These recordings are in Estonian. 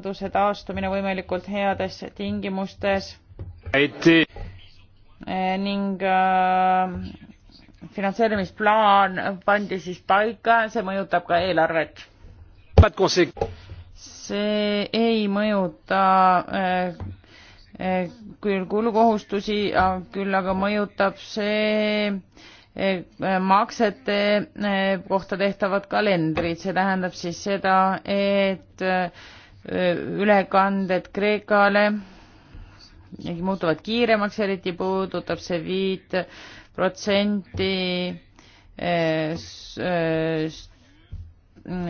majanduse taastumine võimalikult heades tingimustes Aiti. Eh, ning äh, finantseerimisplaan pandi siis paika, see mõjutab ka eelarvet. see ei mõjuta äh, äh, küll kulukohustusi, küll aga mõjutab see maksete kohta tehtavat kalendrit, see tähendab siis seda, et ülekanded Kreekale muutuvad kiiremaks, eriti puudutab see viit protsenti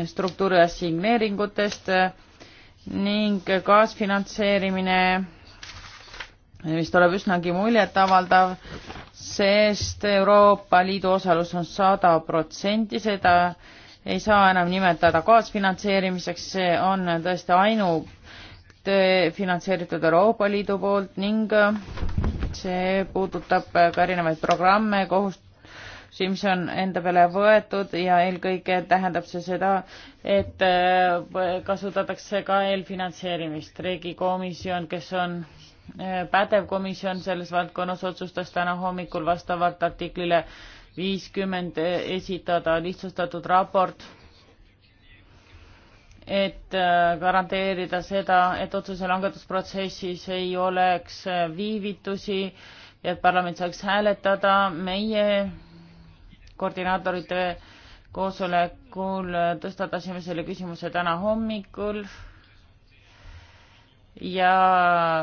struktuuri assigneeringutest ning kaasfinantseerimine, mis tuleb üsnagi muljetavaldav, sest Euroopa Liidu osalus on sada protsenti, seda ei saa enam nimetada kaasfinantseerimiseks, see on tõesti ainu finantseeritud Euroopa Liidu poolt ning äh, see puudutab äh, ka erinevaid programme, kohustusi, mis on enda peale võetud ja eelkõige tähendab see seda, et äh, kasutatakse ka eelfinantseerimist. riigikomisjon, kes on pädev komisjon selles valdkonnas, otsustas täna hommikul vastavalt artiklile viiskümmend esitada lihtsustatud raport, et äh, garanteerida seda, et otsuse langetusprotsessis ei oleks äh, viivitusi ja et parlament saaks hääletada. meie koordinaatorite koosolekul äh, tõstatasime selle küsimuse täna hommikul ja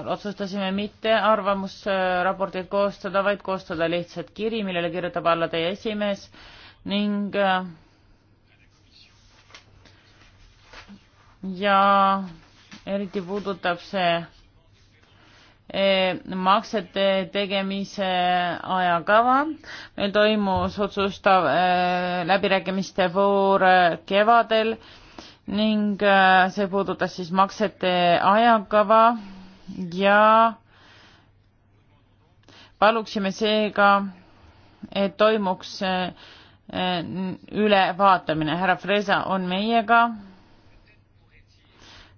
otsustasime mitte arvamusraportit koostada, vaid koostada lihtsalt kiri, millele kirjutab alla teie esimees ning äh, ja eriti puudutab see äh, maksete tegemise ajakava. meil toimus otsustav äh, läbirääkimiste voor kevadel ning äh, see puudutas siis maksete ajakava ja paluksime seega, et toimuks äh, äh, ülevaatamine. härra Freza on meiega.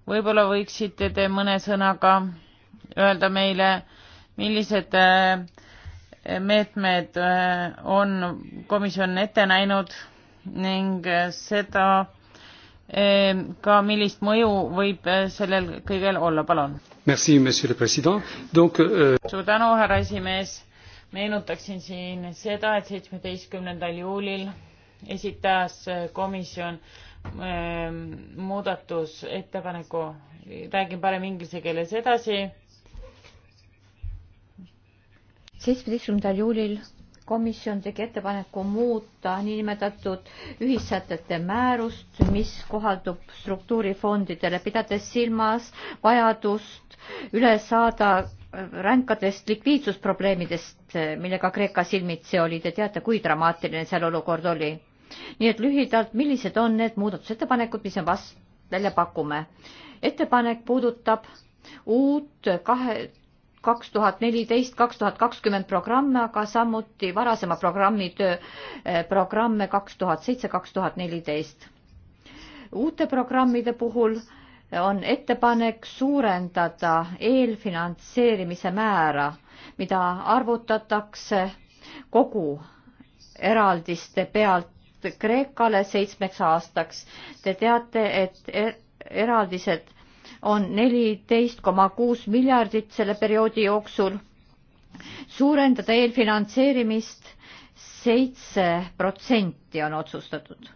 võib-olla võiksite te mõne sõnaga öelda meile, millised meetmed on komisjon ette näinud ning seda Ehm, ka millist mõju võib eh, sellel kõigel olla, palun. Euh, suur tänu, härra esimees. meenutaksin siin seda, et seitsmeteistkümnendal juulil esitas eh, komisjon ehm, muudatusettepaneku, räägin parem inglise keeles edasi. seitsmeteistkümnendal juulil komisjon tegi ettepaneku muuta niinimetatud ühissätete määrust, mis kohaldub struktuurifondidele, pidades silmas vajadust üle saada ränkadest likviidsusprobleemidest, millega Kreeka silmitsi oli. Te teate, kui dramaatiline seal olukord oli. nii et lühidalt, millised on need muudatusettepanekud, mis me vast-, välja pakume? ettepanek puudutab uut kahe kaks tuhat neliteist, kaks tuhat kakskümmend programme, aga samuti varasema programmi töö eh, programme kaks tuhat seitse, kaks tuhat neliteist. uute programmide puhul on ettepanek suurendada eelfinantseerimise määra, mida arvutatakse kogu eraldiste pealt Kreekale seitsmeks aastaks. Te teate, et er-, eraldised on neliteist koma kuus miljardit selle perioodi jooksul, suurendada eelfinantseerimist seitse protsenti on otsustatud.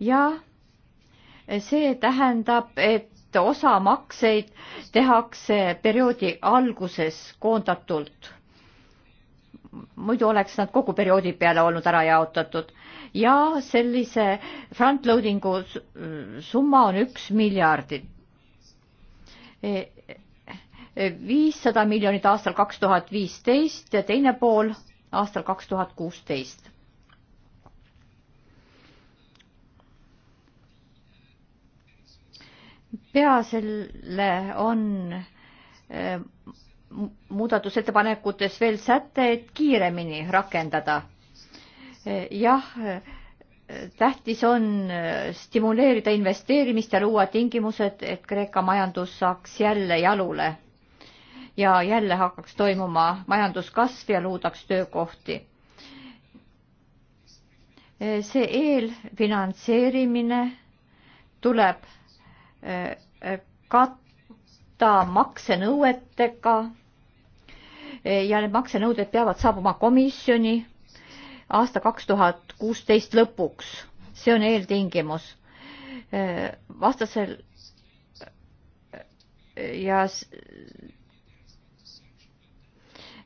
ja see tähendab, et osa makseid tehakse perioodi alguses koondatult. muidu oleks nad kogu perioodi peale olnud ära jaotatud ja sellise frontloadingu summa on üks miljardit. E, e, viissada miljonit aastal kaks tuhat viisteist ja teine pool aastal kaks tuhat kuusteist. pea selle on e, muudatusettepanekutes veel sätteid kiiremini rakendada jah, tähtis on äh, stimuleerida investeerimist ja luua tingimused, et Kreeka majandus saaks jälle jalule ja jälle hakkaks toimuma majanduskasv ja luudaks töökohti. Äh, see eelfinantseerimine tuleb äh, katta maksenõuetega ja need maksenõuded peavad saabuma komisjoni aasta kaks tuhat kuusteist lõpuks. see on eeltingimus. Äh, vastasel ja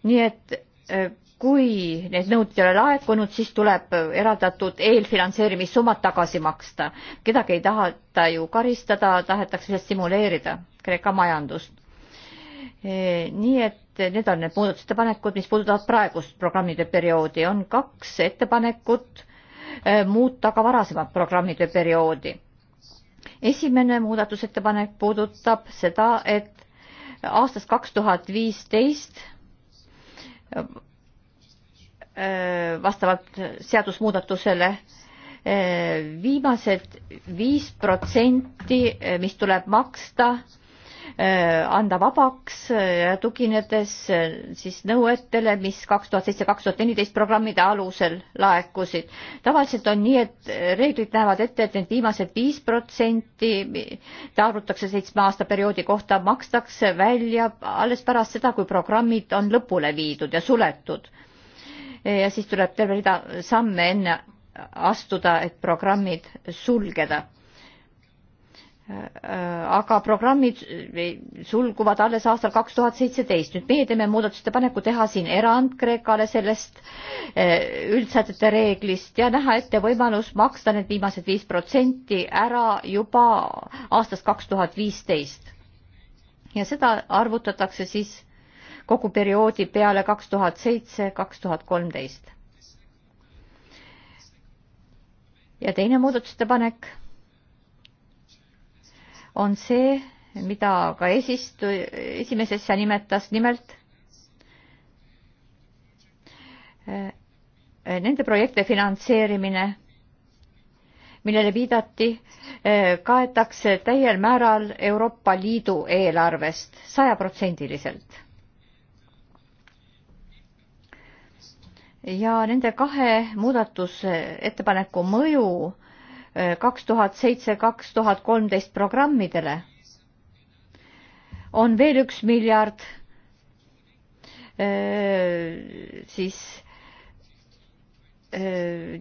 nii et äh, kui need nõuded ei ole laekunud, siis tuleb eraldatud eelfinantseerimissummad tagasi maksta. kedagi ei taheta ju karistada, tahetakse stimuleerida Kreeka majandust Eh, nii et need on need muudatusettepanekud, mis puudutavad praegust programmide perioodi, on kaks ettepanekut eh, muuta ka varasemat programmide perioodi. esimene muudatusettepanek puudutab seda, et aastast kaks tuhat viisteist eh, vastavalt seadusmuudatusele viimased viis protsenti, mis tuleb maksta Äh, anda vabaks, äh, tuginedes äh, siis nõuetele, mis kaks tuhat seitse, kaks tuhat neliteist programmide alusel laekusid. tavaliselt on nii, et reeglid näevad ette, et need viimased viis protsenti, mida arvutatakse seitsme aasta perioodi kohta, makstakse välja alles pärast seda, kui programmid on lõpule viidud ja suletud. ja siis tuleb terve rida samme enne astuda, et programmid sulgeda Äh, aga programmid äh, sulguvad alles aastal kaks tuhat seitseteist. nüüd meie teeme muudatusettepaneku teha siin erand Kreekale sellest äh, üldsätete reeglist ja näha ette võimalus maksta need viimased viis protsenti ära juba aastast kaks tuhat viisteist. ja seda arvutatakse siis kogu perioodi peale kaks tuhat seitse, kaks tuhat kolmteist. ja teine muudatusettepanek on see, mida ka esistu-, esimees äsja nimetas, nimelt eh, nende projekte finantseerimine, millele viidati, eh, kaetakse täiel määral Euroopa Liidu eelarvest sajaprotsendiliselt. ja nende kahe muudatusettepaneku mõju äh, kaks tuhat seitse, kaks tuhat kolmteist programmidele on veel üks miljard siis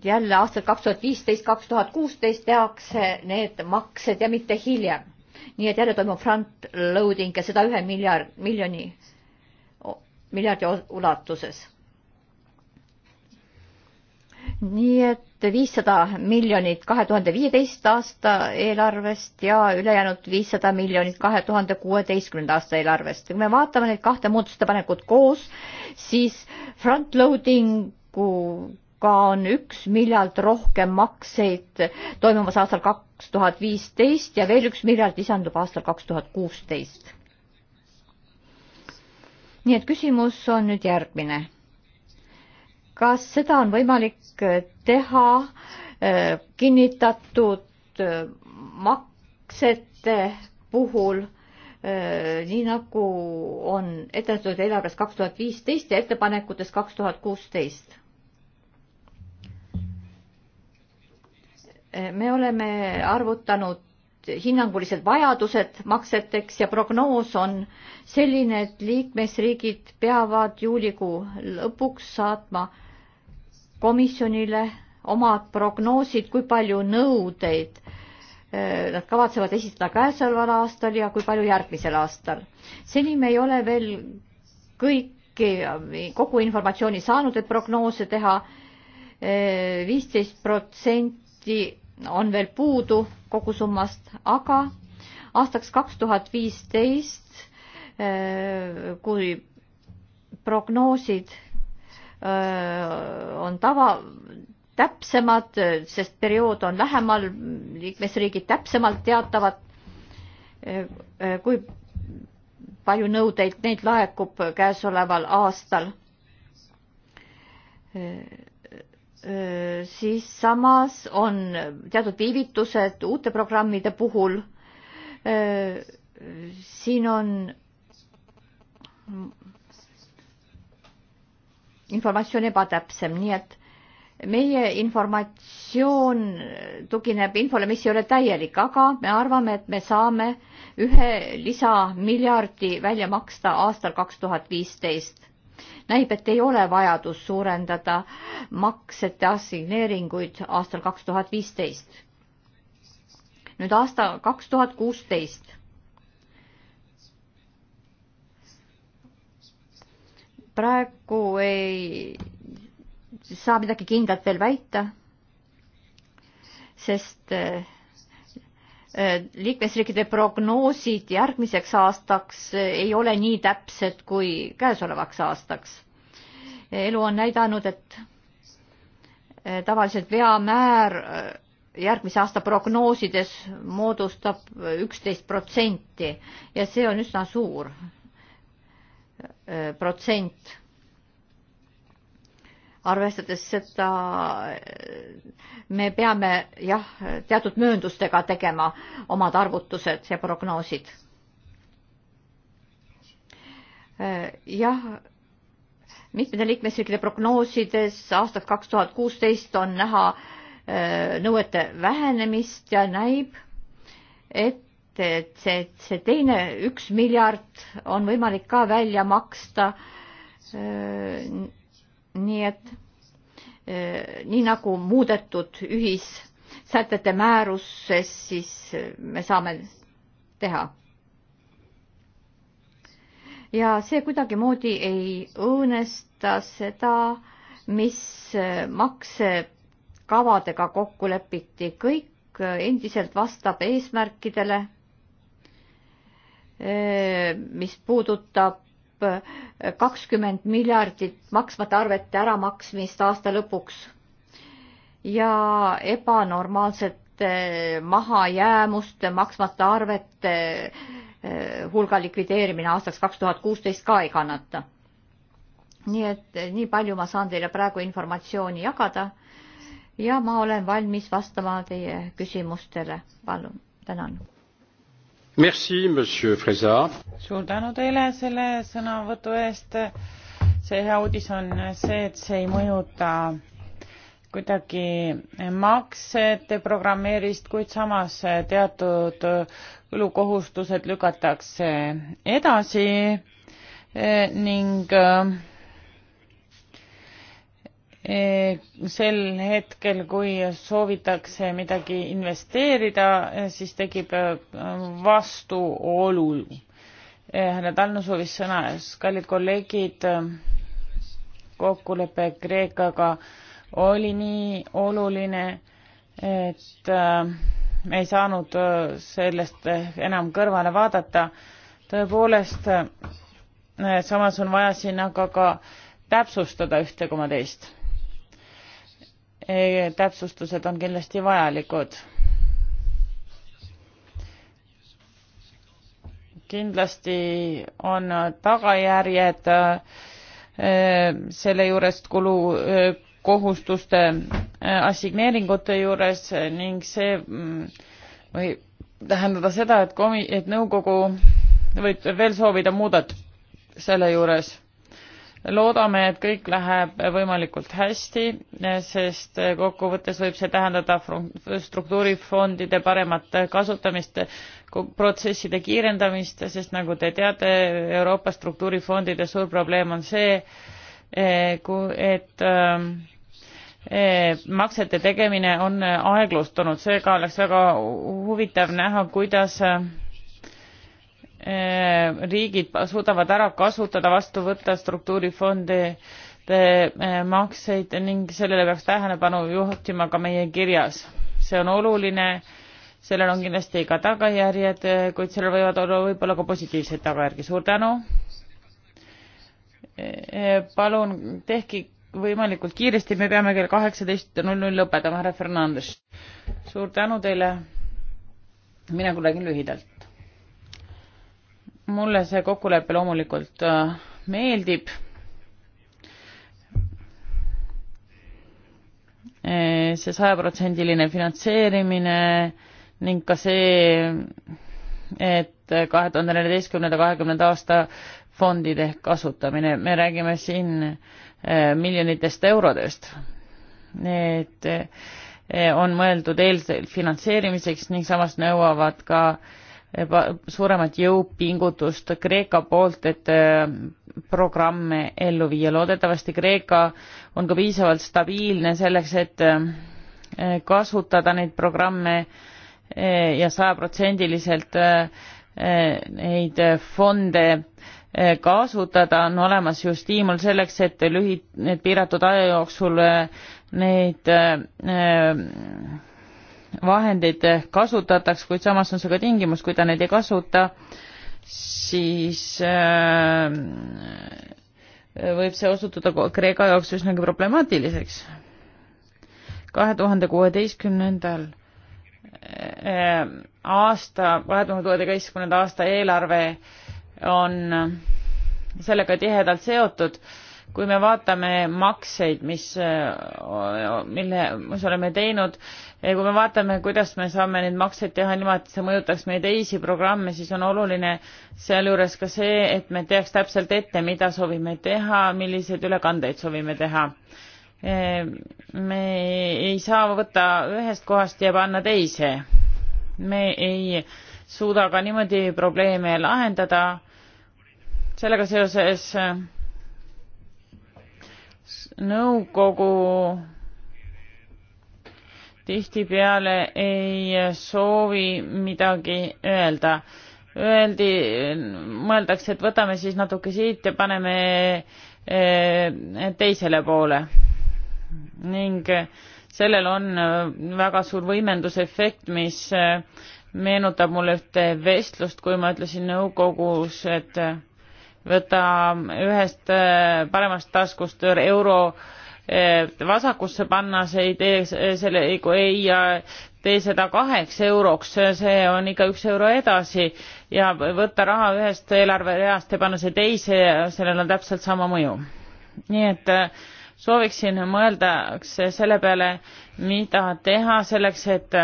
jälle aastal kaks tuhat viisteist, kaks tuhat kuusteist tehakse need maksed ja mitte hiljem. nii et jälle toimub front loading ja seda ühe miljard, miljoni, miljardi ulatuses nii et viissada miljonit kahe tuhande viieteist aasta eelarvest ja ülejäänud viissada miljonit kahe tuhande kuueteistkümnenda aasta eelarvest. kui me vaatame neid kahte muudatusettepanekut koos, siis front-loadinguga on üks miljard rohkem makseid toimumas aastal kaks tuhat viisteist ja veel üks miljard lisandub aastal kaks tuhat kuusteist. nii et küsimus on nüüd järgmine kas seda on võimalik äh, teha äh, kinnitatud äh, maksete puhul, nii nagu on edendatud eelarves kaks tuhat viisteist ja ettepanekutes kaks tuhat kuusteist? me oleme arvutanud hinnangulised vajadused makseteks ja prognoos on selline, et liikmesriigid peavad juulikuu lõpuks saatma äh, komisjonile omad prognoosid, kui palju nõudeid eh, nad kavatsevad esitada käesoleval aastal ja kui palju järgmisel aastal. seni me ei ole veel kõiki, kogu informatsiooni saanud, et prognoose teha. Eh, viisteist protsenti on veel puudu kogusummast, aga aastaks kaks tuhat viisteist, eh, kui prognoosid on tava täpsemad, sest periood on lähemal, liikmesriigid täpsemalt teatavad, eh, kui palju nõudeid neid laekub käesoleval aastal. Eh, eh, siis samas on teatud viivitused uute programmide puhul. siin on informatsioon ebatäpsem, nii et meie informatsioon tugineb infole, mis ei ole täielik, aga me arvame, et me saame ühe lisamiljardi välja maksta aastal kaks tuhat viisteist. näib, et ei ole vajadust suurendada maksete assigneeringuid aastal kaks tuhat viisteist. nüüd aasta kaks tuhat kuusteist praegu ei saa midagi kindlat veel väita, sest äh, äh, liikmesriikide prognoosid järgmiseks aastaks ei ole nii täpsed kui käesolevaks aastaks. elu on näidanud, et äh, tavaliselt veamäär järgmise aasta prognoosides moodustab üksteist protsenti ja see on üsna suur Äh, protsent. arvestades seda, äh, me peame jah, teatud mööndustega tegema omad arvutused ja prognoosid. Äh, jah, mitmete liikmesriikide prognoosides aastaks kaks tuhat kuusteist on näha nõuete vähenemist ja näib, et et see, see teine üks miljard on võimalik ka välja maksta. Äh, nii et äh, nii nagu muudetud ühissätete määruses, siis me saame teha. ja see kuidagimoodi ei õõnesta seda, mis maksekavadega kokku lepiti, kõik endiselt vastab eesmärkidele Äh, mis puudutab äh, kakskümmend miljardit maksmata arvete äramaksmist aasta lõpuks ja ebanormaalsete äh, mahajäämuste maksmata arvete hulga likvideerimine aastaks kaks tuhat kuusteist ka ei kannata. nii et nii palju ma saan teile praegu informatsiooni jagada ja ma olen valmis vastama teie küsimustele. palun, tänan suur tänu teile selle sõnavõtu eest see hea uudis on see et see ei mõjuta kuidagi maksete programmeerimist kuid samas teatud kulukohustused lükatakse edasi eh, ning eh, Eh, sel hetkel, kui soovitakse midagi investeerida, eh, siis tekib eh, vastuolu. härra Talnu soovis sõna, kallid kolleegid, kokkulepe Kreekaga oli nii oluline, et me ei saanud sellest enam kõrvale vaadata. tõepoolest, samas on vaja siin aga ka täpsustada ühte koma teist täpsustused on kindlasti vajalikud. kindlasti on tagajärjed äh, selle juures kulu äh, kohustuste äh, assigneeringute juures ning see mm, võib tähendada seda, et komi-, et nõukogu võib veel soovida muudat selle juures loodame, et kõik läheb võimalikult hästi, sest kokkuvõttes võib see tähendada struktuurifondide paremat kasutamist, protsesside kiirendamist, sest nagu te teate, Euroopa struktuurifondide suur probleem on see, e, et ähm, e, maksete tegemine on aeglustunud, seega oleks väga huvitav näha, kuidas Eh, riigid suudavad ära kasutada, vastu võtta struktuurifonde eh, makseid ning sellele peaks tähelepanu juhtima ka meie kirjas. see on oluline, sellel on kindlasti ka tagajärjed, eh, kuid sellel võivad olla võib-olla ka positiivseid tagajärgi. suur tänu. palun tehke võimalikult kiiresti, me peame kell kaheksateist null null lõpetama, härra Fernandes. suur tänu teile. mina kuulen lühidalt mulle see kokkulepe loomulikult äh, meeldib. Äh, see sajaprotsendiline finantseerimine ning ka see, et kahe tuhande neljateistkümnenda, kahekümnenda aasta fondide kasutamine, me räägime siin äh, miljonitest eurodest. Need on mõeldud eelfinantseerimiseks ning samas nõuavad ka äh, suuremat jõupingutust Kreeka poolt, et äh, programme ellu viia. loodetavasti Kreeka on ka piisavalt stabiilne selleks, et äh, kasutada neid programme äh, ja sajaprotsendiliselt neid fonde kasutada, on olemas ju stiimul selleks, et lühi-, piiratud aja jooksul neid vahendeid kasutataks, kuid samas on see ka tingimus, kui ta neid ei kasuta, siis äh, võib see osutuda Kreeka jaoks üsnagi problemaatiliseks. kahe tuhande kuueteistkümnendal äh, aasta, kahe tuhande kuueteistkümnenda aasta eelarve on sellega tihedalt seotud kui me vaatame makseid, mis, äh, mille, mis oleme teinud, kui me vaatame, kuidas me saame neid makseid teha niimoodi, et see mõjutaks meie teisi programme, siis on oluline sealjuures ka see, et me teaks täpselt ette, mida soovime teha, milliseid ülekandeid soovime teha. me ei saa võtta ühest kohast ja panna teise. me ei suuda ka niimoodi probleeme lahendada. sellega seoses nõukogu tihtipeale ei soovi midagi öelda. Öeldi, mõeldakse, et võtame siis natuke siit ja paneme eh, teisele poole. ning sellel on väga suur võimendusefekt, mis eh, meenutab mulle ühte vestlust, kui ma ütlesin nõukogus, et võtta ühest äh, paremast taskust euro äh, vasakusse panna, see ei tee selle, ei tee seda kaheks euroks, see on ikka üks euro edasi ja võtta raha ühest eelarvereast ja panna see teise, sellel on täpselt sama mõju. nii et äh, sooviksin mõelda selle peale, mida teha selleks, et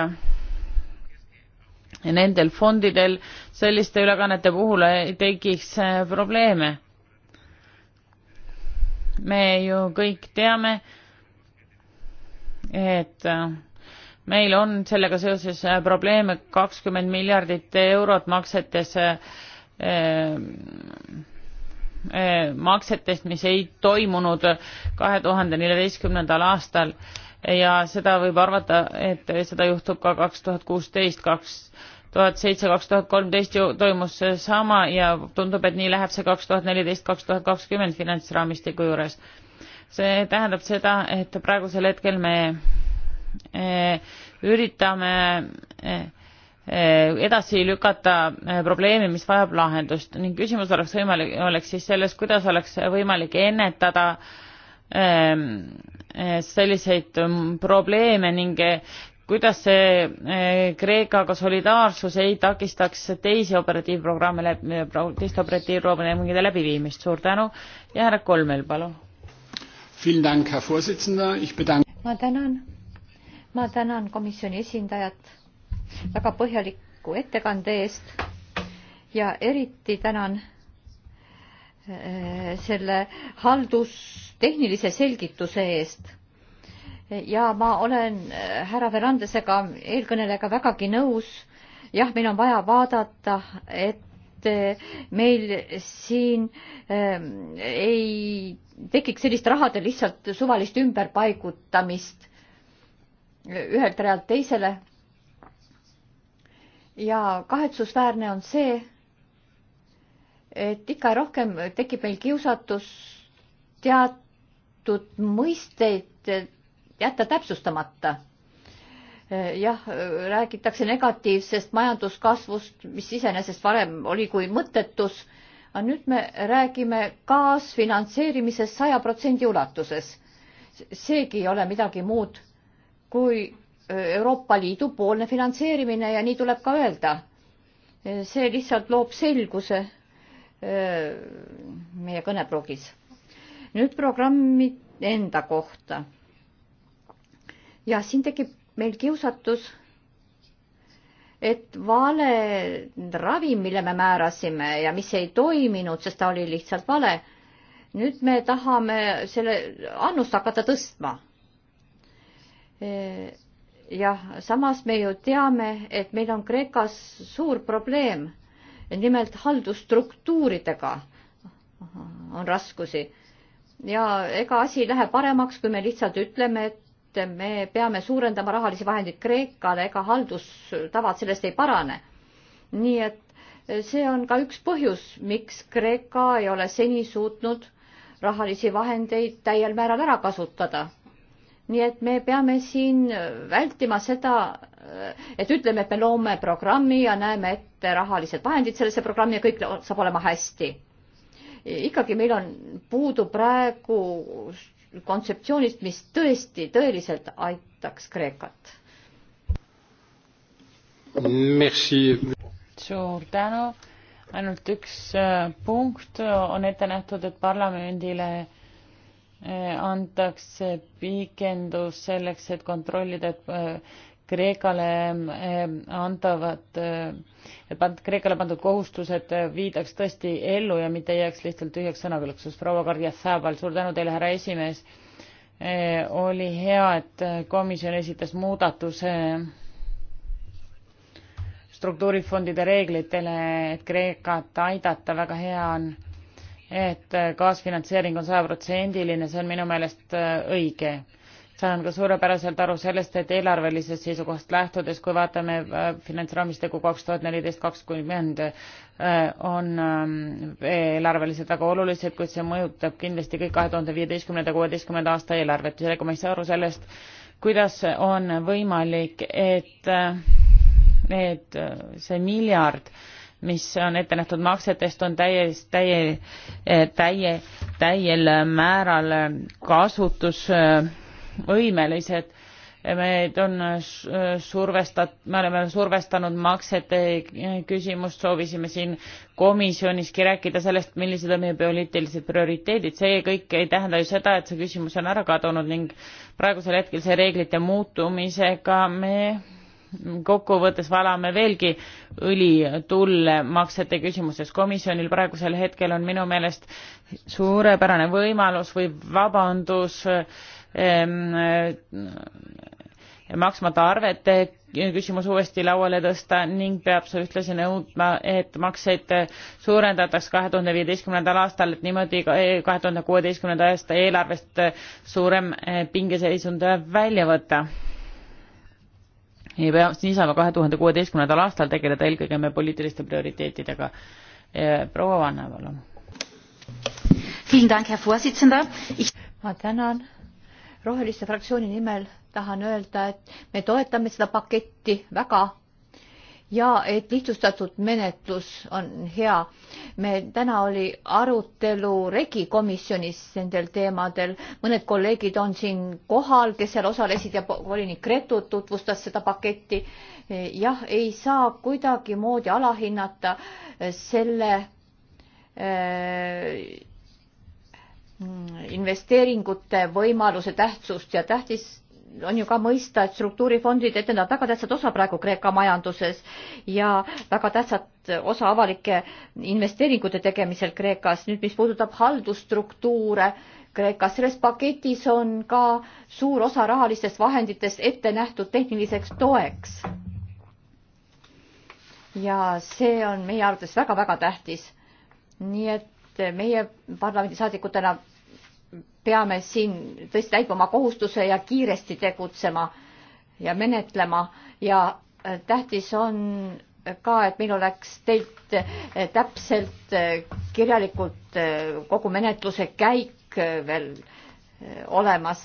nendel fondidel selliste ülekannete puhul tekiks äh, probleeme. me ju kõik teame, et äh, meil on sellega seoses äh, probleeme kakskümmend miljardit eurot maksetes maksetest, mis ei toimunud kahe tuhande neljateistkümnendal aastal ja seda võib arvata, et seda juhtub ka kaks tuhat kuusteist, kaks tuhat seitse, kaks tuhat kolmteist toimus seesama ja tundub, et nii läheb see kaks tuhat neliteist, kaks tuhat kakskümmend finantsraamistiku juures. see tähendab seda, et praegusel hetkel me eh, üritame eh, edasi lükata eh, probleemi, mis vajab lahendust ning küsimus oleks võimalik, oleks siis selles, kuidas oleks võimalik ennetada selliseid mm, probleeme ning kuidas see eh, Kreekaga solidaarsus ei takistaks teisi operatiivprogramme, eh, teiste operatiivprogrammide läbiviimist. suur tänu ja härra Kolmel, palun. ma tänan, ma tänan komisjoni esindajat väga põhjaliku ettekande eest ja eriti tänan eh, selle haldustehnilise selgituse eest ja ma olen äh, härra Fernandesega, eelkõnelejaga vägagi nõus. jah, meil on vaja vaadata, et äh, meil siin ähm, ei tekiks sellist rahade lihtsalt suvalist ümberpaigutamist äh, ühelt realt teisele. ja kahetsusväärne on see, et ikka rohkem tekib meil kiusatus teatud mõisteid jätta täpsustamata. jah, räägitakse negatiivsest majanduskasvust, mis iseenesest varem oli kui mõttetus, aga nüüd me räägime kaasfinantseerimisest saja protsendi ulatuses. seegi ei ole midagi muud kui Euroopa Liidu poolne finantseerimine ja nii tuleb ka öelda. see lihtsalt loob selguse äh, meie kõneprogis. nüüd programmid enda kohta ja siin tekib meil kiusatus, et vale ravim, mille me määrasime ja mis ei toiminud, sest ta oli lihtsalt vale, nüüd me tahame selle annust hakata tõstma. E, jah, samas me ju teame, et meil on Kreekas suur probleem, nimelt haldusstruktuuridega on raskusi ja ega asi ei lähe paremaks, kui me lihtsalt ütleme, et et me peame suurendama rahalisi vahendeid Kreekale, ega haldustavad sellest ei parane. nii et see on ka üks põhjus, miks Kreeka ei ole seni suutnud rahalisi vahendeid täiel määral ära kasutada. nii et me peame siin vältima seda, et ütleme, et me loome programmi ja näeme ette rahalised vahendid sellesse programmi ja kõik saab olema hästi. ikkagi meil on puudu praegu kontseptsioonist, mis tõesti, tõeliselt aitaks Kreekat. suur tänu. ainult üks äh, punkt on ette nähtud, et parlamendile äh, antakse pikendus selleks, et kontrollida, et äh, Kreekale eh, antavad, eh, Kreekale pandud kohustused eh, viidaks tõesti ellu ja mitte ei jääks lihtsalt tühjaks sõnakõlksus. proua Karjatsääbal, suur tänu teile, härra esimees. oli hea, et komisjon esitas muudatuse struktuurifondide reeglitele, et Kreekat aidata, väga hea on, et kaasfinantseering on sajaprotsendiline, see on minu meelest õige saan ka suurepäraselt aru sellest, et eelarvelisest seisukohast lähtudes, kui vaatame äh, finantsraamistikku kaks tuhat neliteist, kakskümmend, äh, on ähm, eelarvelised väga olulised, kuid see mõjutab kindlasti kõik kahe tuhande viieteistkümnenda, kuueteistkümnenda aasta eelarvet ja seega ma ei saa aru sellest, kuidas on võimalik, et need, äh, see miljard, mis on ette nähtud maksetest, on täies, täie, täie, täiel määral kasutus äh, võimelised meid on survestat- me oleme survestanud maksete küsimust soovisime siin komisjoniski rääkida sellest millised on meie poliitilised prioriteedid see kõik ei tähenda ju seda et see küsimus on ära kadunud ning praegusel hetkel see reeglite muutumisega me kokkuvõttes valame veelgi õli tulle maksete küsimuses. komisjonil praegusel hetkel on minu meelest suurepärane võimalus või vabandus ehm, ehm, maksmata arvete küsimus uuesti lauale tõsta ning peab see ühtlasi nõudma, et makseid suurendataks kahe tuhande viieteistkümnendal aastal, et niimoodi eh, kahe tuhande kuueteistkümnenda aasta eelarvest suurem eh, pingeseisund välja võtta ei pea, nii saame kahe tuhande kuueteistkümnendal aastal tegeleda eelkõige me poliitiliste prioriteetidega. Eh, proua Vanne, palun. ma tänan. roheliste fraktsiooni nimel tahan öelda, et me toetame seda paketti väga ja et lihtsustatud menetlus on hea. me täna oli arutelu Regi komisjonis nendel teemadel, mõned kolleegid on siin kohal, kes seal osalesid ja volinik Gretu tutvustas seda paketti. E, jah, ei saa kuidagimoodi alahinnata e, selle e, mm, investeeringute võimaluse tähtsust ja tähtis on ju ka mõista, et struktuurifondid etendavad väga tähtsat osa praegu Kreeka majanduses ja väga tähtsat osa avalike investeeringute tegemisel Kreekas. nüüd, mis puudutab haldusstruktuure Kreekas, selles paketis on ka suur osa rahalistest vahenditest ette nähtud tehniliseks toeks. ja see on meie arvates väga-väga tähtis. nii et meie parlamendisaadikutena peame siin tõesti täitma oma kohustuse ja kiiresti tegutsema ja menetlema ja äh, tähtis on ka, et meil oleks teilt äh, täpselt äh, kirjalikult kogu menetluse käik veel olemas.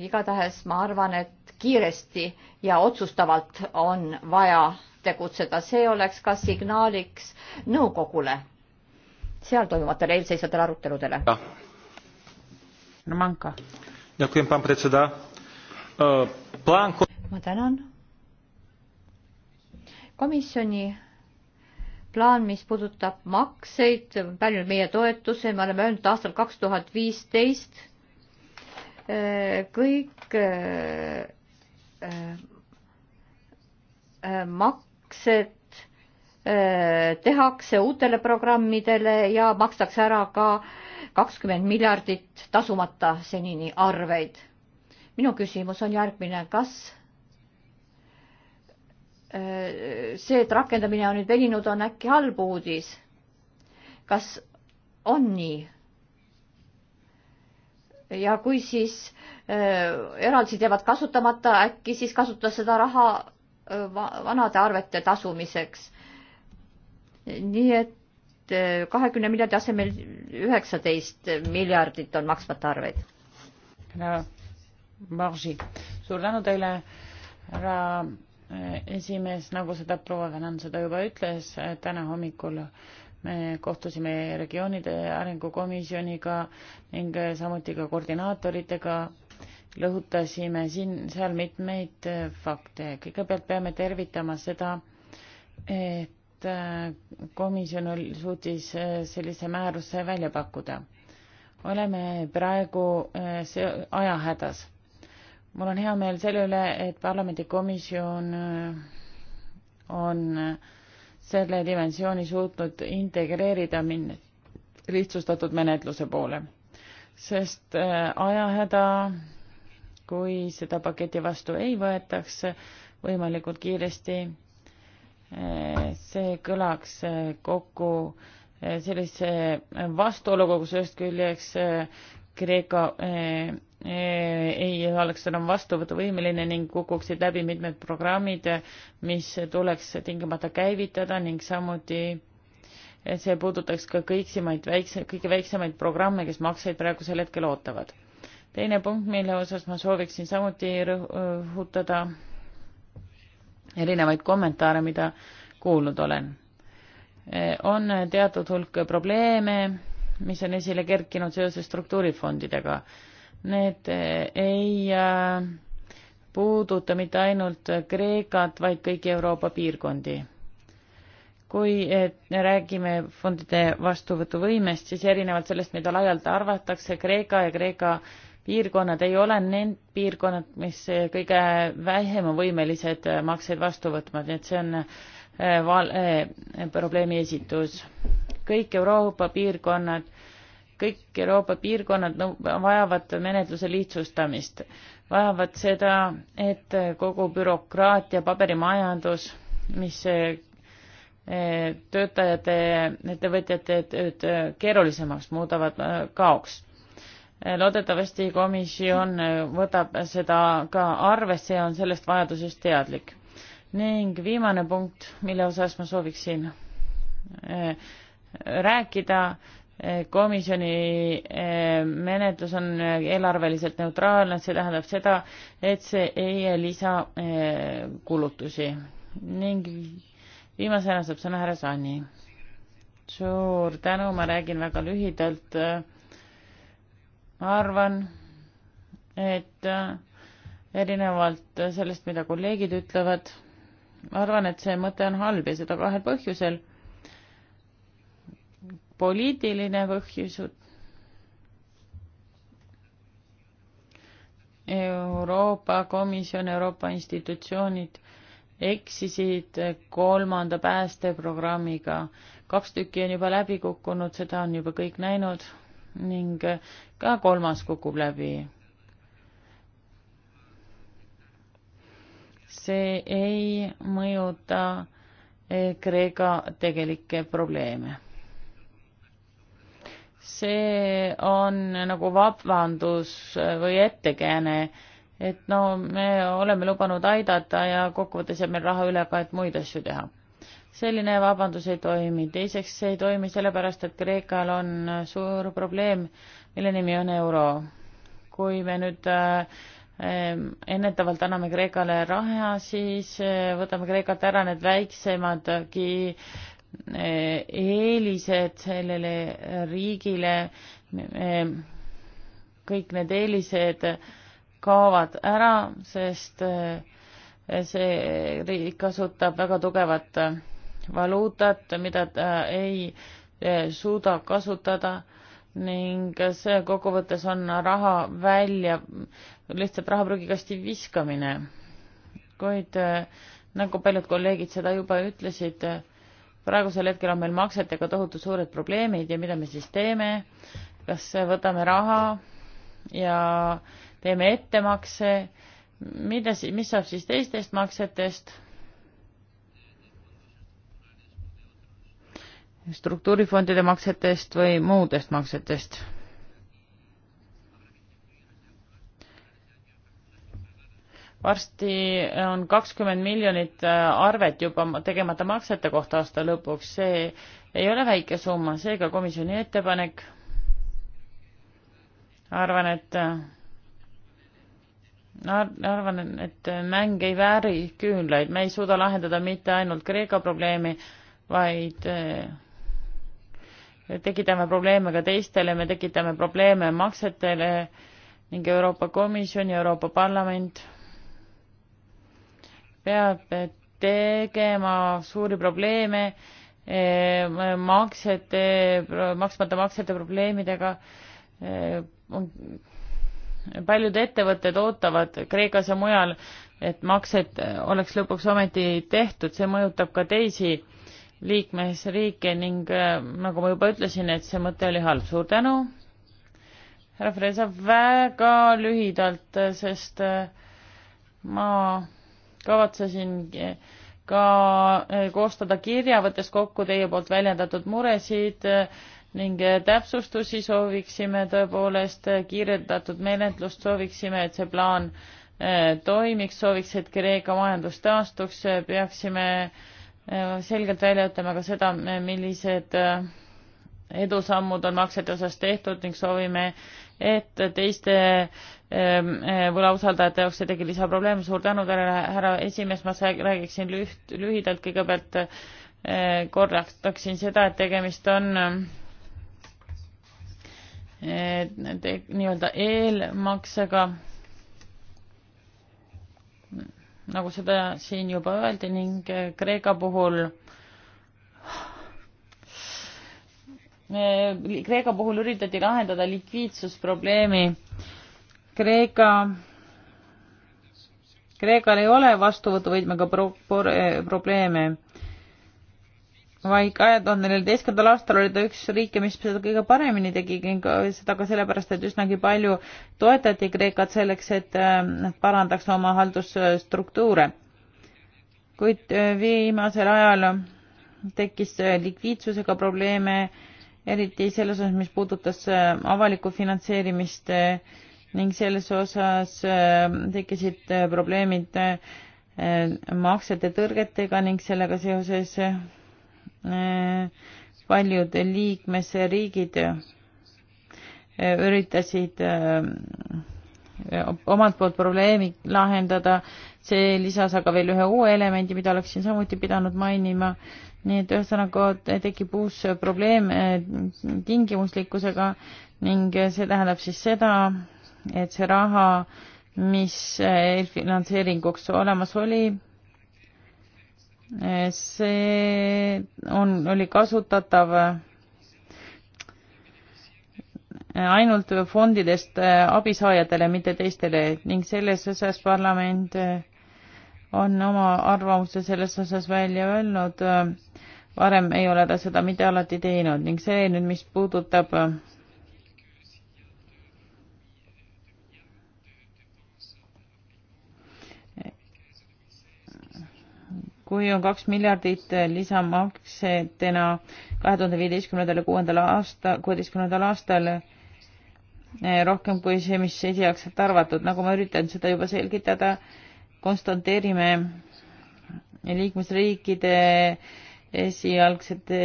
igatahes ma arvan, et kiiresti ja otsustavalt on vaja tegutseda, see oleks ka signaaliks nõukogule seal toimuvatele eelseisvatele aruteludele. Manka. E, ma tänan. komisjoni plaan, mis puudutab makseid, pälvinud meie toetuse, me oleme öelnud aastal kaks tuhat viisteist e, kõik e, maksed tehakse uutele programmidele ja makstakse ära ka äh, kakskümmend miljardit tasumata senini arveid. minu küsimus on järgmine, kas äh, see, et rakendamine on nüüd veninud, on äkki halb uudis? kas on nii? ja kui siis äh, eraldised jäävad kasutamata, äkki siis kasutada seda raha äh, vanade arvete tasumiseks. nii et Eh, kahekümne miljardi asemel üheksateist miljardit on maksmata arveid. suur tänu teile, härra eh, esimees, nagu seda proua Venan seda juba ütles, eh, täna hommikul me kohtusime regioonide arengukomisjoniga ning samuti ka koordinaatoritega, lõhutasime siin-seal mitmeid fakte. kõigepealt peame tervitama seda, et et äh, komisjon suutis äh, sellise määruse välja pakkuda. oleme praegu äh, ajahädas. mul on hea meel selle üle, et parlamendikomisjon on selle dimensiooni suutnud integreerida mind lihtsustatud menetluse poole, sest ajahäda, kui seda paketi vastu ei võetaks võimalikult kiiresti, see kõlaks äh, kokku äh, sellise äh, vastuoluga, kus ühest küljest Kreeka ei oleks enam vastuvõtuvõimeline ning kukuksid läbi mitmed programmid, mis tuleks tingimata käivitada ning samuti see puudutaks ka kõiksemaid väikse, kõige väiksemaid programme, kes makseid praegusel hetkel ootavad. teine punkt, mille osas ma sooviksin samuti rõhutada rõh erinevaid kommentaare, mida kuulnud olen. on teatud hulk probleeme, mis on esile kerkinud seoses struktuurifondidega. Need ei äh, puuduta mitte ainult Kreekat, vaid kõiki Euroopa piirkondi. kui äh, räägime fondide vastuvõtuvõimest, siis erinevalt sellest, mida laialt arvatakse, Kreeka ja Kreeka piirkonnad ei ole need piirkonnad, mis kõige vähem on võimelised makseid vastu võtma, nii et see on äh, vale eh, äh, probleemi esitus. kõik Euroopa piirkonnad, kõik Euroopa piirkonnad vajavad menetluse lihtsustamist, vajavad seda, et kogu bürokraatia, paberimajandus, mis äh, töötajate, ettevõtjate tööd keerulisemaks muudavad, kaoks Eh, loodetavasti komisjon eh, võtab seda ka arvesse ja on sellest vajadusest teadlik. ning viimane punkt, mille osas ma sooviksin eh, rääkida, komisjoni menetlus on eelarveliselt neutraalne, see tähendab seda, et see ei lisa kulutusi ning viimasena saab sõna härra Sani. suur tänu, ma räägin väga lühidalt ma arvan, et äh, erinevalt sellest, mida kolleegid ütlevad, ma arvan, et see mõte on halb ja seda kahel põhjusel. poliitiline põhjus. Euroopa Komisjon, Euroopa institutsioonid eksisid kolmanda päästeprogrammiga. kaks tükki on juba läbi kukkunud, seda on juba kõik näinud ning ka kolmas kukub läbi. see ei mõjuta eh, Kreeka tegelikke probleeme. see on nagu vabandus eh, või ettekääne, et no me oleme lubanud aidata ja kokkuvõttes jääb meil raha üle ka, et muid asju teha selline vabandus ei toimi. teiseks, see ei toimi sellepärast, et Kreekal on äh, suur probleem, mille nimi on euro. kui me nüüd äh, ennetavalt anname Kreekale raha, siis äh, võtame Kreekalt ära need väiksemadki eelised sellele riigile, kõik need eelised kaovad ära, sest see riik kasutab väga tugevat valuutat, mida ta ei eh, suuda kasutada ning see kokkuvõttes on raha välja, lihtsalt raha prügikasti viskamine. kuid eh, nagu paljud kolleegid seda juba ütlesid, praegusel hetkel on meil maksetega tohutu suured probleemid ja mida me siis teeme, kas võtame raha ja teeme ettemakse, mida, mis saab siis teistest maksetest struktuurifondide maksetest või muudest maksetest. varsti on kakskümmend miljonit äh, arvet juba tegemata maksete kohta aasta lõpuks, see ei ole väike summa, seega komisjoni ettepanek, arvan, et äh, arvan, et mäng ei vääri küünlaid, me ei suuda lahendada mitte ainult Kreeka probleemi, vaid äh, tekitame probleeme ka teistele, me tekitame probleeme maksetele ning Euroopa Komisjon ja Euroopa Parlament peab tegema suuri probleeme eh, maksete, maksmata maksete probleemidega. Eh, paljud ettevõtted ootavad Kreekas ja mujal, et maksed oleks lõpuks ometi tehtud, see mõjutab ka teisi liikmesriike ning äh, nagu ma juba ütlesin, et see mõte oli halb. suur tänu, härra Freza, väga lühidalt, äh, sest äh, ma kavatsesin ka koostada kirja, võttes kokku teie poolt väljendatud muresid ning täpsustusi sooviksime tõepoolest, kiirendatud menetlust sooviksime, et see plaan toimiks, sooviks, et Kreeka majandus taastuks, peaksime äh, selgelt välja ütlema ka seda, millised äh, edusammud on maksete osas tehtud ning soovime, et teiste ähm, äh, võlausaldajate jaoks ei teki lisaprobleeme. suur tänu teile, härra esimees, ma räägiksin lüht-, lühidalt kõigepealt äh, korrataksin seda, et tegemist on nii-öelda eelmaksega nagu seda siin juba öeldi ning eh, Kreeka puhul Kreeka puhul üritati lahendada likviidsusprobleemi. Kreeka, Kreekal ei ole vastuvõtuvõimega pro, pro, eh, probleeme vaid kahe tuhande neljateistkümnendal aastal oli ta üks riike, mis seda kõige paremini tegi, seda ka sellepärast, et üsnagi palju toetati Kreekat selleks, et ähm, nad parandaks oma haldusstruktuure. kuid äh, viimasel ajal tekkis äh, likviidsusega probleeme, eriti selles osas, mis puudutas äh, avalikku finantseerimist ning selles osas tekkisid probleemid maksete tõrgetega ning sellega seoses Eh, paljud liikmesriigid eh, üritasid eh, omalt poolt probleemi lahendada, see lisas aga veel ühe uue elemendi, mida oleksin samuti pidanud mainima, nii et ühesõnaga tekib uus probleem tingimuslikkusega ning see tähendab siis seda, et see raha, mis eelfinantseeringuks olemas oli, see on, oli kasutatav äh, ainult fondidest äh, abisaajatele, mitte teistele ning selles osas parlament äh, on oma arvamuse selles osas välja öelnud. varem ei ole ta seda mitte alati teinud ning see nüüd, mis puudutab kui on kaks miljardit lisamaksetena kahe tuhande viieteistkümnendal ja kuuendal aasta, kuueteistkümnendal aastal eh, rohkem kui see, mis esialgselt arvatud, nagu ma üritan seda juba selgitada, konstanteerime liikmesriikide esialgsete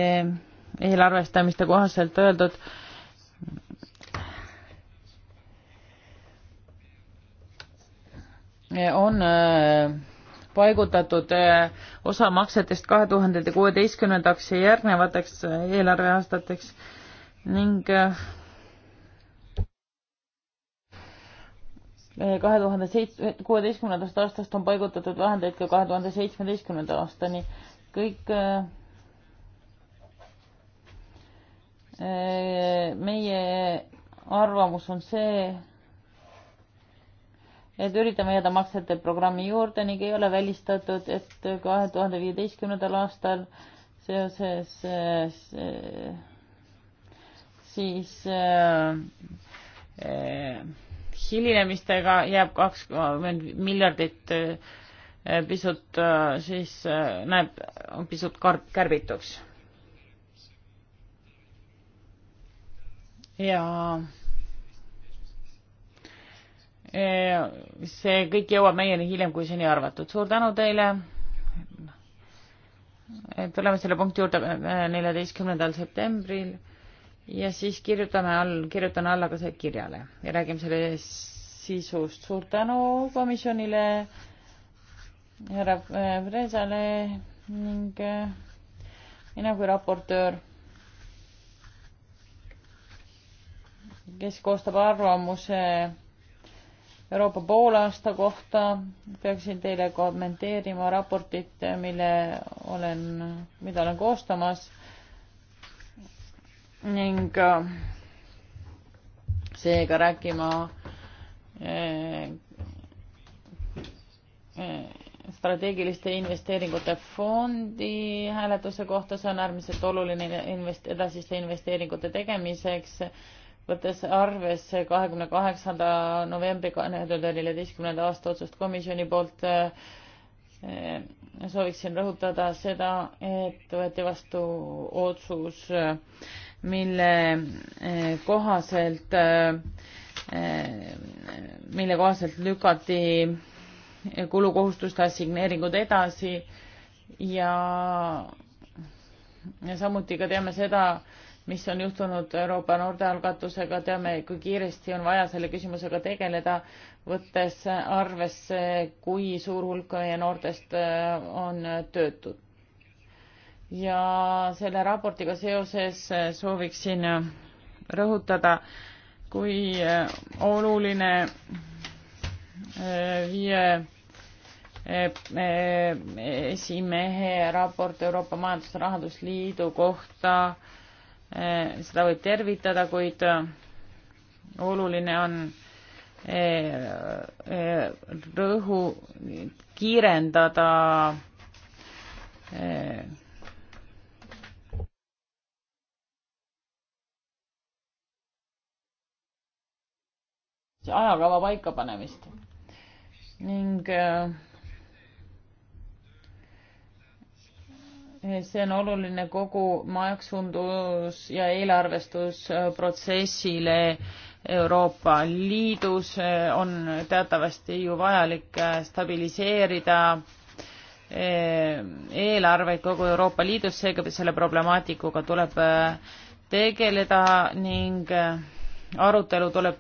eelarvestamiste kohaselt öeldud on eh, paigutatud äh, osa maksetest kahe tuhande kuueteistkümnendaks ja järgnevateks äh, eelarveaastateks ning äh, kahe tuhande seitsme, kuueteistkümnendast aastast on paigutatud vahendeid ka kahe tuhande seitsmeteistkümnenda aastani. kõik meie arvamus on see, et üritame jääda maksete programmi juurde ning ei ole välistatud, et kahe tuhande viieteistkümnendal aastal seoses siis eh, hilinemistega jääb kakskümmend miljardit eh, pisut eh, siis näeb, on pisut kärbituks. ja Eh, see kõik jõuab meieni hiljem, kui seni arvatud. suur tänu teile. tuleme selle punkti juurde eh, neljateistkümnendal septembril ja siis kirjutame all, kirjutan alla ka selle kirjale ja räägime selle sisust. suur tänu komisjonile, härra Presale eh, ning mina kui raportöör kes koostab arvamuse Euroopa poolaasta kohta peaksin teile kommenteerima raportit, mille olen, mida olen koostamas ning äh, seega rääkima äh, äh, strateegiliste investeeringute fondi hääletuse kohta, see on äärmiselt oluline invest-, edasiste investeeringute tegemiseks võttes arvesse kahekümne kaheksanda novembri kahe tuhande neljateistkümnenda aasta otsust komisjoni poolt eh, sooviksin rõhutada seda, et võeti vastu otsus, mille eh, kohaselt, eh, mille kohaselt lükati kulukohustuste assigneeringud edasi ja, ja samuti ka teame seda, mis on juhtunud Euroopa noortealgatusega, teame, kui kiiresti on vaja selle küsimusega tegeleda, võttes arvesse, kui suur hulk meie noortest äh, on töötud. ja selle raportiga seoses äh, sooviksin äh, rõhutada, kui oluline viie esimehe raport Euroopa Majandus- ja Rahandusliidu kohta äh, Eh, seda võib tervitada, kuid eh, oluline on eh, rõhu kiirendada ajakava paikapanemist ning see on oluline kogu maksundus ja eelarvestusprotsessile Euroopa Liidus on teatavasti ju vajalik stabiliseerida eh, eelarveid kogu Euroopa Liidus, seega selle problemaatikuga tuleb eh, tegeleda ning eh, arutelu tuleb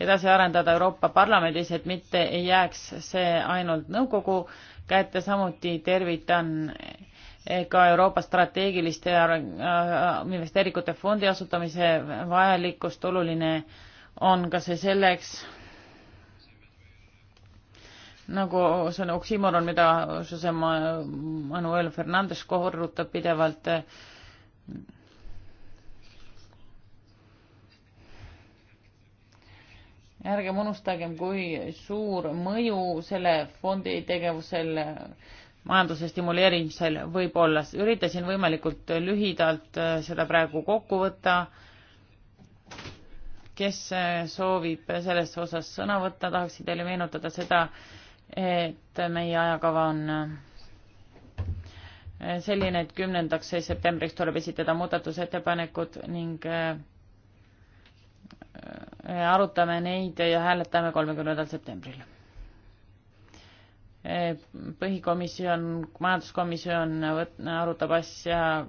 edasi arendada Euroopa Parlamendis, et mitte ei jääks see ainult nõukogu kätte, samuti tervitan ka Euroopa strateegiliste äh, investeeringute fondi asutamise vajalikkust, oluline on ka see selleks, nagu see on oksimoron, mida Jose Manuel Fernandez korrutab pidevalt. ärgem unustagem, kui suur mõju selle fondi tegevusel majanduse stimuleerimisel võib-olla. üritasin võimalikult lühidalt äh, seda praegu kokku võtta. kes äh, soovib selles osas sõna võtta, tahaksin teile meenutada seda, et meie ajakava on äh, selline, et kümnendaks septembriks tuleb esitada muudatusettepanekud ning arutame neid ja hääletame kolmekümnendal septembril põhikomisjon, majanduskomisjon arutab asja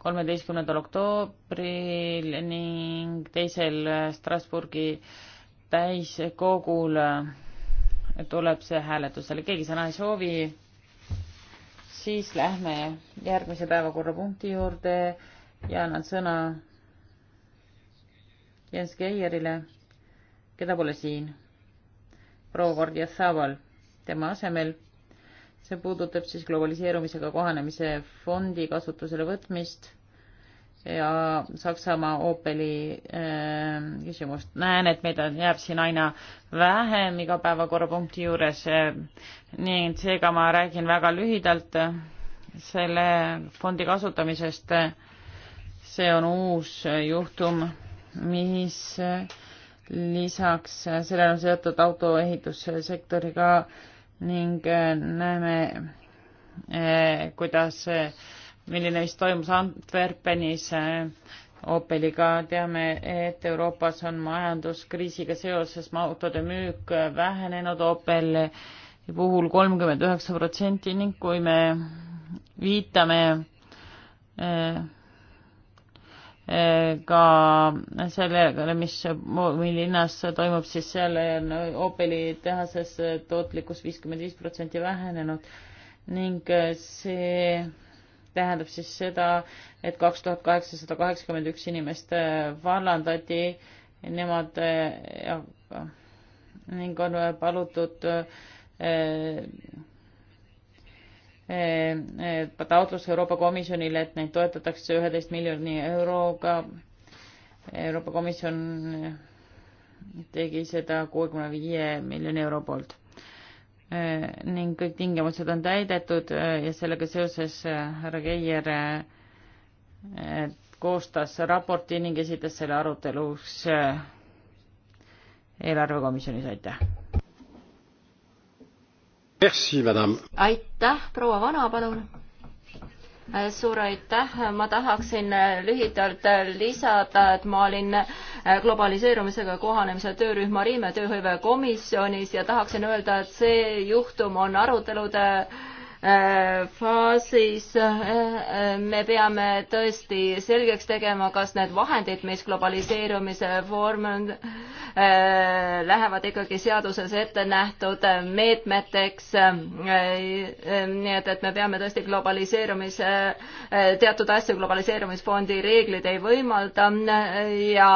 kolmeteistkümnendal oktoobril ning teisel Strasburgi täiskogul tuleb see hääletusele. keegi sõna ei soovi? siis lähme järgmise päevakorrapunkti juurde ja annan sõna Jens Geierile, keda pole siin. proua Gordjev Saval tema asemel. see puudutab siis globaliseerumisega kohanemise fondi kasutusele võtmist ja Saksamaa Opeli äh, küsimust. näen, et meid on, jääb siin aina vähem iga päevakorrapunkti juures äh,, nii et seega ma räägin väga lühidalt äh, selle fondi kasutamisest äh,. see on uus äh, juhtum, mis äh, lisaks äh, sellele on seotud autoehitussektoriga äh, ning äh, näeme, äh, kuidas, äh, milline vist toimus Antwerpenis Opeliga, teame, et Euroopas on majanduskriisiga seoses autode müük vähenenud Opel puhul kolmkümmend üheksa protsenti ning kui me viitame ka sellele, mis linnas toimub, siis seal on Opeli tehases tootlikkus viiskümmend viis protsenti vähenenud ning see tähendab siis seda, et kaks tuhat kaheksasada kaheksakümmend üks inimest vallandati, nemad ja, ning on palutud eh, Eh, eh, taotlus Euroopa Komisjonile, et neid toetatakse üheteist miljoni euroga. Euroopa Komisjon eh, tegi seda kuuekümne viie miljoni euro poolt ning kõik tingimused on täidetud ja sellega seoses härra Geier koostas raporti ning esitas selle aruteluks eelarvekomisjonis, aitäh! aitäh, proua Vana, palun. Äh, suur aitäh, ma tahaksin äh, lühidalt äh, lisada, et ma olin globaliseerumisega kohanemise töörühma Riime tööhõivekomisjonis ja tahaksin öelda, et see juhtum on arutelude Äh, faasis äh, me peame tõesti selgeks tegema, kas need vahendid, mis globaliseerumise vorm on, äh, lähevad ikkagi seaduses ette nähtud meetmeteks. nii et, et me peame tõesti globaliseerumise, teatud asju globaliseerumisfondi reeglid ei võimalda ja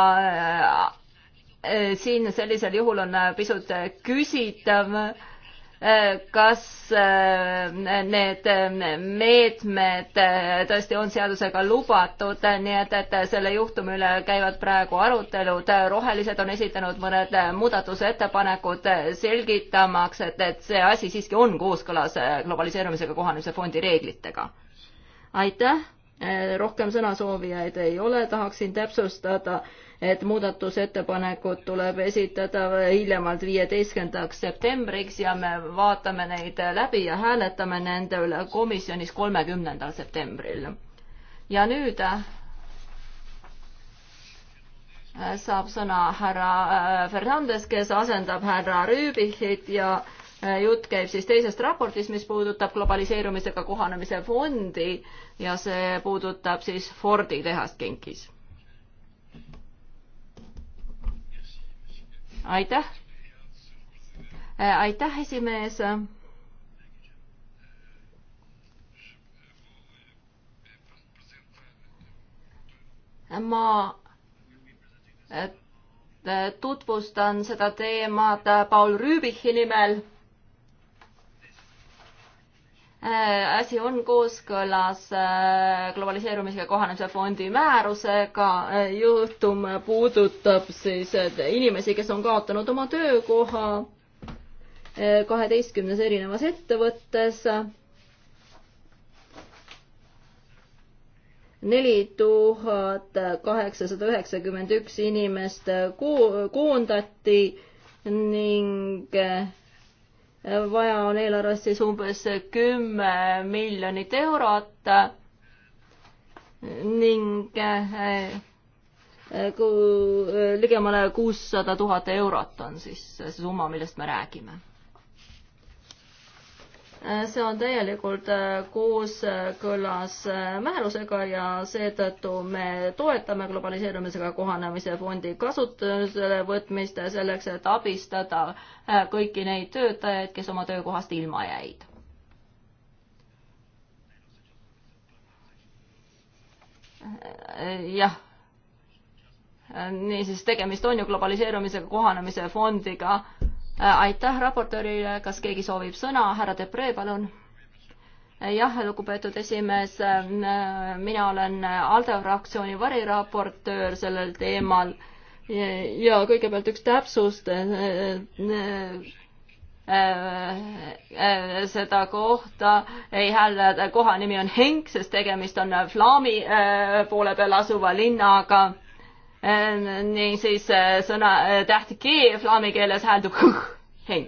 siin sellisel juhul on pisut küsitav Äh, kas äh, need äh, meetmed tõesti on seadusega lubatud, nii et, et selle juhtumi üle käivad praegu arutelud. rohelised on esitanud mõned muudatusettepanekud selgitamaks, et, et see asi siiski on kooskõlas globaliseerumisega kohanemise fondi reeglitega. aitäh, rohkem sõnasoovijaid ei ole, tahaksin täpsustada et muudatusettepanekud tuleb esitada hiljemalt viieteistkümnendaks septembriks ja me vaatame neid läbi ja hääletame nende üle komisjonis kolmekümnendal septembril. ja nüüd äh, saab sõna härra äh, Fernandes, kes asendab härra Rüübichit ja äh, jutt käib siis teisest raportist, mis puudutab globaliseerumisega kohanemise fondi ja see puudutab siis Fordi tehast Kinkis aitäh. Äh, aitäh, esimees. ma äh, tutvustan seda teemat Paul Rüübichi nimel Äh, asi on kooskõlas äh, globaliseerumisega kohanemise fondi määrusega. Äh, juhtum puudutab siis inimesi, kes on kaotanud oma töökoha kaheteistkümnes erinevas ettevõttes. neli tuhat kaheksasada üheksakümmend üks inimest koondati ning vaja on eelarves siis umbes kümme miljonit eurot ning eh, eh, ligemale kuussada tuhat eurot on siis see summa, millest me räägime Äh, see on täielikult äh, kooskõlas äh, määrusega ja seetõttu me toetame globaliseerumisega kohanemise fondi kasutusele võtmist selleks, et abistada kõiki neid töötajaid, kes oma töökohast ilma jäid. jah, niisiis tegemist on ju globaliseerumisega kohanemise fondiga Äh, aitäh raportöörile, kas keegi soovib sõna, härra Depree, palun. Äh, jah, lugupeetud esimees, äh, mina olen ALDE fraktsiooni variraportöör sellel teemal ja, ja kõigepealt üks täpsust seda kohta ei häälda, koha nimi on Henk, sest tegemist on Flaami poole peal asuva linnaga Ähm, niisiis äh, sõna, äh, täht G flaami keeles hääldub heng.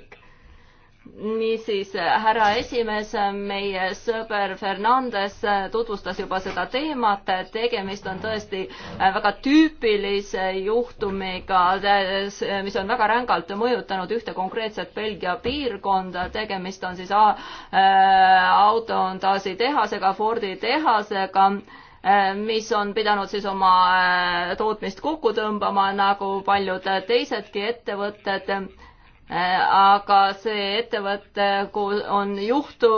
niisiis, äh, härra esimees, meie sõber Fernandes tutvustas juba seda teemat, tegemist on tõesti väga tüüpilise juhtumiga, mis on väga rängalt mõjutanud ühte konkreetset Belgia piirkonda, tegemist on siis autontaaži tehasega, Fordi tehasega Äh, mis on pidanud siis oma äh, tootmist kokku tõmbama, nagu paljud teisedki ettevõtted. Äh, aga see ettevõte on juhtu,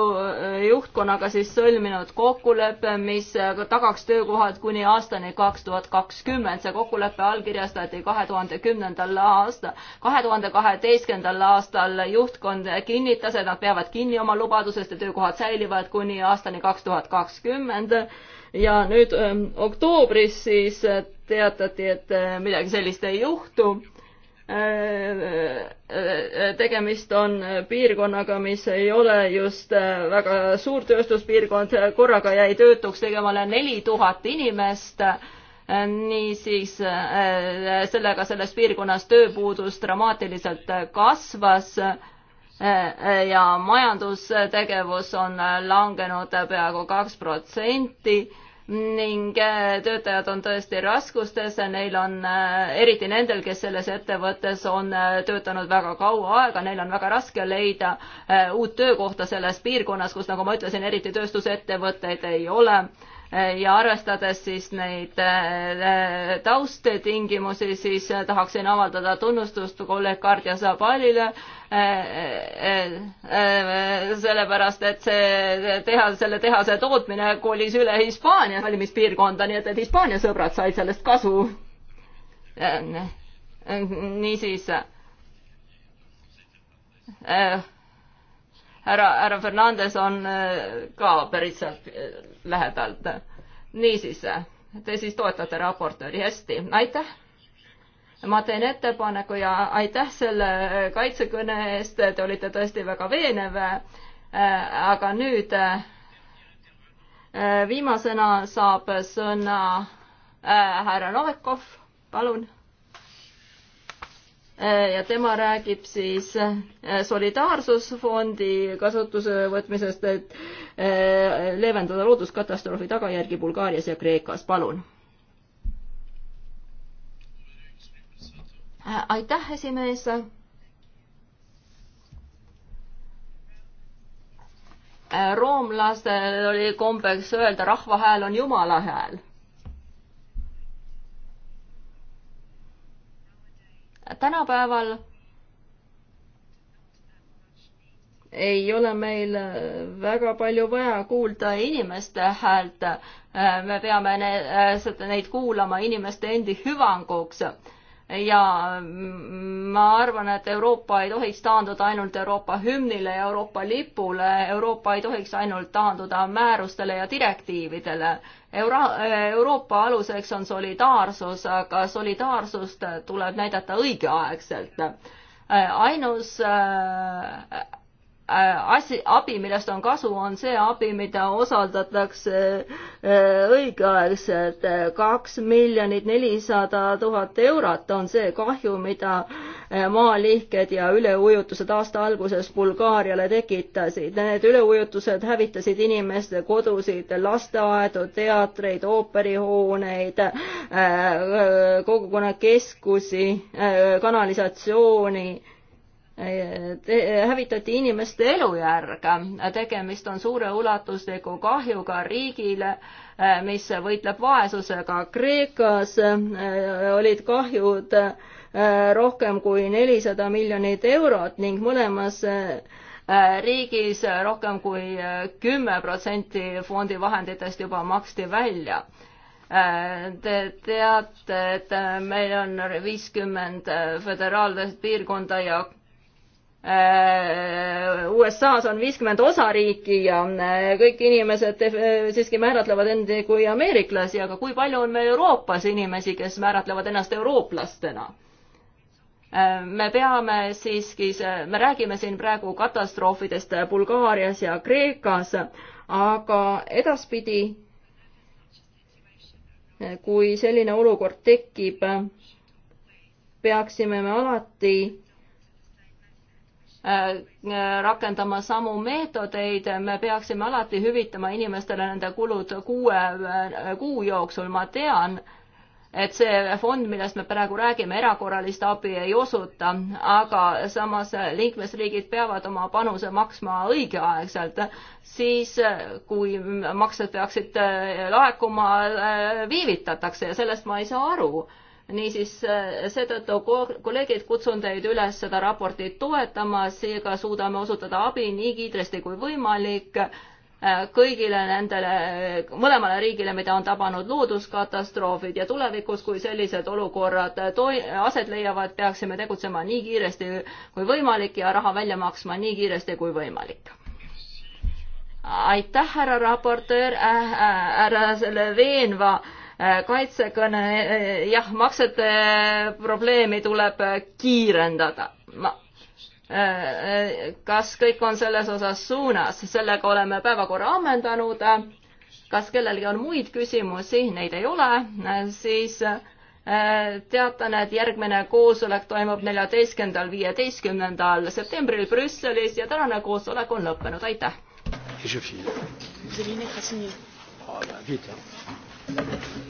juhtkonnaga siis sõlminud kokkuleppe, mis tagaks töökohad kuni aastani kaks tuhat kakskümmend. see kokkulepe allkirjastati kahe tuhande kümnendal aastal. kahe tuhande kaheteistkümnendal aastal juhtkond kinnitas, et nad peavad kinni oma lubadusest ja töökohad säilivad kuni aastani kaks tuhat kakskümmend ja nüüd öö, ähm, oktoobris siis äh, teatati, et äh, midagi sellist ei juhtu. Äh, tegemist on piirkonnaga, mis ei ole just väga suur tööstuspiirkond, korraga jäi töötuks tegemale neli tuhat inimest niisiis sellega selles piirkonnas tööpuudus dramaatiliselt kasvas ja majandustegevus on langenud peaaegu kaks protsenti ning äh, töötajad on tõesti raskustes, neil on, äh, eriti nendel, kes selles ettevõttes on äh, töötanud väga kaua aega, neil on väga raske leida uut töökohta selles piirkonnas, kus, nagu ma ütlesin, eriti tööstusettevõtteid ei ole ja arvestades siis neid äh, tausttingimusi, siis äh, tahaksin avaldada tunnustust kolleeg Kardja Zabalile, äh, sellepärast et see tehas, selle tehase tootmine kolis üle Hispaania valimispiirkonda, nii et, et Hispaania sõbrad said sellest kasu. niisiis härra, härra Fernandes on ka pärit sealt lähedalt. niisiis, te siis toetate raportööri, hästi, aitäh. ma teen ettepaneku ja aitäh selle kaitsekõne eest, te olite tõesti väga veenev. aga nüüd viimasena saab sõna äh, härra Novikov, palun Äh, ja tema räägib siis äh, solidaarsusfondi kasutuse võtmisest, et äh, leevendada looduskatastroofi tagajärgi Bulgaarias ja Kreekas, palun. aitäh, esimees. roomlastel oli kombeks öelda rahva hääl on jumala hääl tänapäeval ei ole meil väga palju vaja kuulda inimeste häält. me peame neid kuulama inimeste endi hüvanguks ja ma arvan, et Euroopa ei tohiks taanduda ainult Euroopa hümnile ja Euroopa lipule, Euroopa ei tohiks ainult taanduda määrustele ja direktiividele. Euro-, Euroopa aluseks on solidaarsus, aga solidaarsust tuleb näidata õigeaegselt. ainus äh, Äh, asi, abi, millest on kasu, on see abi, mida osaldatakse äh, õigeaegselt. kaks miljonit nelisada tuhat eurot on see kahju, mida äh, maalihked ja üleujutused aasta alguses Bulgaariale tekitasid. Need üleujutused hävitasid inimeste kodusid, lasteaedu, teatreid, ooperihooneid, kogukonnakeskusi, kanalisatsiooni hävitati inimeste elujärg. tegemist on suure ulatusliku kahjuga riigile, mis võitleb vaesusega. Kreekas äh, olid kahjud äh, rohkem kui nelisada miljonit eurot ning mõlemas äh, riigis rohkem kui kümme protsenti fondi vahenditest juba maksti välja Te teate, et meil on viiskümmend föderaalset piirkonda ja Äh, USA-s on viiskümmend osariiki ja äh, kõik inimesed äh, siiski määratlevad end kui ameeriklasi, aga kui palju on meil Euroopas inimesi, kes määratlevad ennast eurooplastena? me peame siiski, me räägime siin praegu katastroofidest Bulgaarias ja Kreekas, aga edaspidi, kui selline olukord tekib, peaksime me alati Äh, rakendama samu meetodeid, me peaksime alati hüvitama inimestele nende kulud kuue äh, kuu jooksul, ma tean, et see fond, millest me praegu räägime, erakorralist abi ei osuta, aga samas liikmesriigid peavad oma panuse maksma õigeaegselt, siis äh, kui maksed peaksid laekuma, viivitatakse ja sellest ma ei saa aru niisiis äh, seetõttu, kolleegid, kutsun teid üles seda raportit toetama, seega suudame osutada abi nii kiiresti kui võimalik äh, kõigile nendele, mõlemale riigile, mida on tabanud looduskatastroofid ja tulevikus, kui sellised olukorrad toi-, aset leiavad, peaksime tegutsema nii kiiresti kui võimalik ja raha välja maksma nii kiiresti kui võimalik. aitäh, härra raportöör äh,, äh härra äh, selle veenva äh, Äh, kaitsekõne, äh, jah, maksete äh, probleemi tuleb kiirendada. kas kõik on selles osas suunas, sellega oleme päevakorra ammendanud. kas kellelgi on muid küsimusi, neid ei ole, siis teatan, et järgmine koosolek toimub neljateistkümnendal, viieteistkümnendal septembril Brüsselis ja tänane koosolek on lõppenud, aitäh! Vous allez mettre à signer. Oh, bah, vite. Hein.